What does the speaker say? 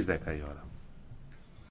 στις 10 η ώρα.